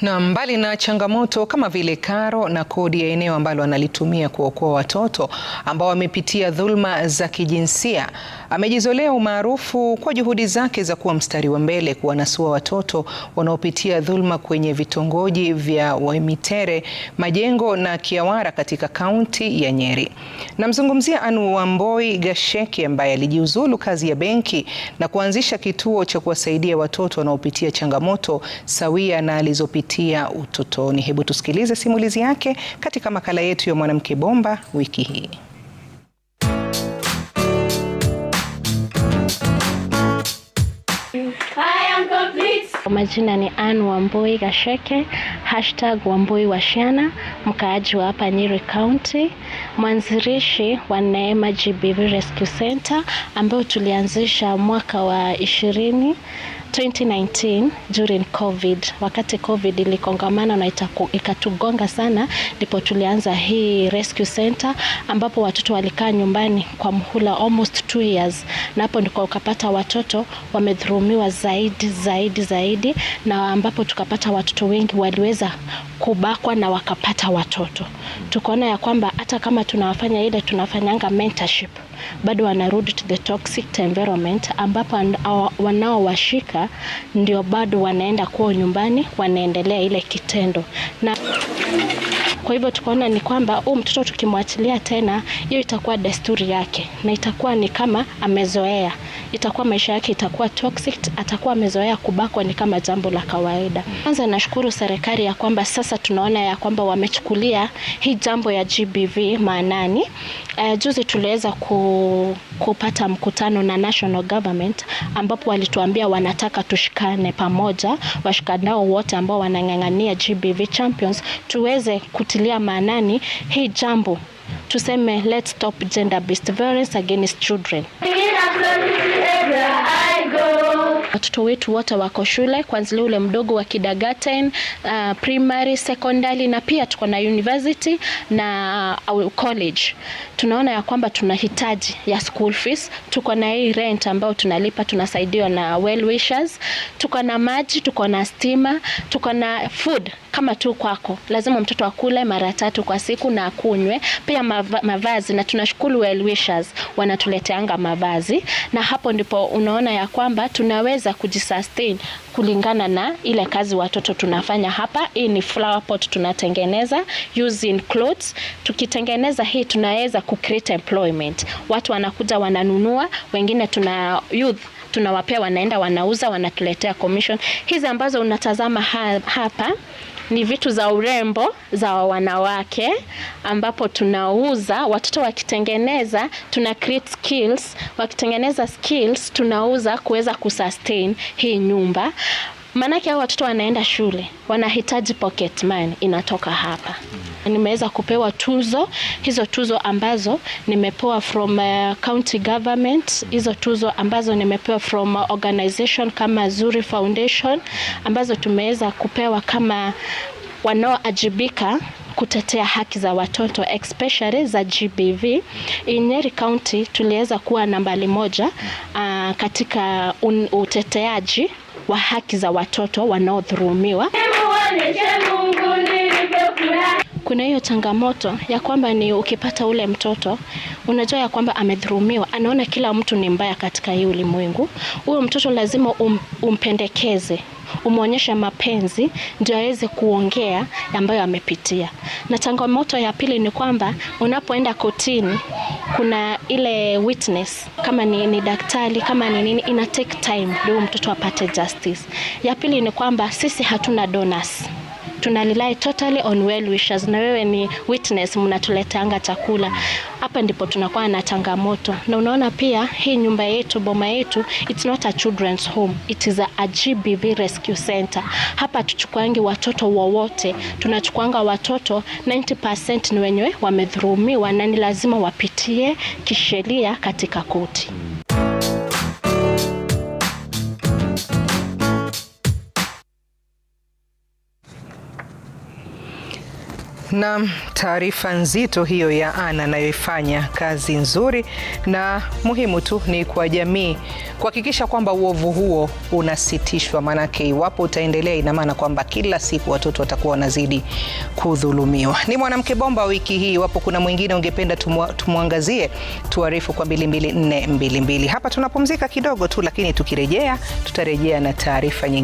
Na mbali na changamoto kama vile karo na kodi ya eneo ambalo analitumia kuokoa watoto ambao wamepitia dhulma za kijinsia, amejizolea umaarufu kwa juhudi zake za kuwa mstari wa mbele kuwanasua watoto wanaopitia dhulma kwenye vitongoji vya Waimitere, Majengo na Kiawara katika kaunti ya Nyeri. Namzungumzia Anne Wambui Gasheki ambaye alijiuzulu kazi ya benki na kuanzisha kituo cha kuwasaidia watoto wanaopitia changamoto sawia na alizopitia kupitia utotoni. Hebu tusikilize simulizi yake katika makala yetu ya Mwanamke Bomba wiki hii. Kwa majina ni Ann Wambui Gasheke, hashtag Wambui Washiana, mkaaji wa hapa Nyeri County, mwanzilishi wa Neema GBV Rescue Center ambayo tulianzisha mwaka wa ishirini 2019 during COVID, wakati COVID ilikongamana na ikatugonga sana, ndipo tulianza hii rescue center ambapo watoto walikaa nyumbani kwa mhula almost two years, na hapo ndiko ukapata watoto wamedhurumiwa zaidi zaidi zaidi, na ambapo tukapata watoto wengi waliweza kubakwa na wakapata watoto. Tukaona ya kwamba hata kama tunawafanya ile tunafanyanga mentorship, bado wanarudi to the toxic environment, ambapo wanaowashika ndio bado wanaenda kwao nyumbani, wanaendelea ile kitendo na kwa hivyo tukaona ni kwamba huyu mtoto tukimwachilia tena, hiyo itakuwa desturi yake na itakuwa ni kama amezoea, itakuwa maisha yake itakuwa toxic, atakuwa amezoea kubakwa ni kama jambo la kawaida. Kwanza nashukuru serikali ya kwamba sasa tunaona ya kwamba wamechukulia hii jambo ya GBV maanani. Uh, juzi tuliweza ku, kupata mkutano na national government ambapo walituambia wanataka tushikane pamoja, washikanao wote ambao wanang'ang'ania GBV champions tuweze kuti kutilia maanani hii jambo, tuseme let's stop gender based violence against children. Watoto wetu wote wako shule kuanzia ule mdogo wa kindergarten, uh, primary, secondary na pia tuko na university na uh, college. Tunaona ya kwamba tunahitaji ya school fees, tuko na hii rent ambayo tunalipa, tunasaidiwa na well wishers, tuko na maji, tuko na stima, tuko na food kama tu kwako. Lazima mtoto akule mara tatu kwa siku na akunywe pia mava, mavazi na tunashukuru well wishers wanatuleteanga mavazi, na hapo ndipo unaona ya kwamba tunaweza kujisustain kulingana na ile kazi watoto tunafanya hapa. Hii ni flower pot tunatengeneza using clothes. Tukitengeneza hii tunaweza ku create employment, watu wanakuja wananunua, wengine tuna youth tunawapea, wanaenda wanauza, wanatuletea commission hizi ambazo unatazama hapa ni vitu za urembo za wanawake ambapo tunauza, watoto wakitengeneza, tuna create skills, wakitengeneza skills tunauza kuweza kusustain hii nyumba. Maanake hao watoto wanaenda shule, wanahitaji pocket money inatoka hapa. Nimeweza kupewa tuzo, hizo tuzo ambazo nimepewa from uh, county government, hizo tuzo ambazo nimepewa from uh, organization kama Zuri Foundation ambazo tumeweza kupewa kama wanaoajibika kutetea haki za watoto especially za GBV. In Nyeri County tuliweza kuwa nambari moja uh, katika un, uteteaji wa haki za watoto wanaodhulumiwa kuna hiyo changamoto ya kwamba ni ukipata ule mtoto unajua ya kwamba amedhulumiwa, anaona kila mtu ni mbaya katika hii ulimwengu. Huyo mtoto lazima um, umpendekeze umwonyeshe mapenzi ndio aweze kuongea ambayo amepitia. Na changamoto ya pili ni kwamba unapoenda kotini kuna ile witness, kama ni, ni daktari kama ni nini, ina take time ndio mtoto apate justice. Ya pili ni kwamba sisi hatuna donors rely totally on well wishers, na wewe ni witness, mnatuletanga chakula hapa, ndipo tunakuwa na changamoto. Na unaona pia hii nyumba yetu, boma yetu, it's not a children's home, it is a GBV rescue center. Hapa tuchukuangi watoto wowote, tunachukuanga watoto 90% ni wenyewe wamedhulumiwa na ni lazima wapitie kisheria katika koti. na taarifa nzito hiyo ya ana anayoifanya kazi nzuri na muhimu tu ni kwa jamii kuhakikisha kwamba uovu huo unasitishwa, maanake iwapo utaendelea, ina maana kwamba kila siku watoto watakuwa wanazidi kudhulumiwa. Ni mwanamke bomba wiki hii. Iwapo kuna mwingine ungependa tumwangazie, tuarifu kwa 22422. Hapa tunapumzika kidogo tu, lakini tukirejea tutarejea na taarifa nyingine.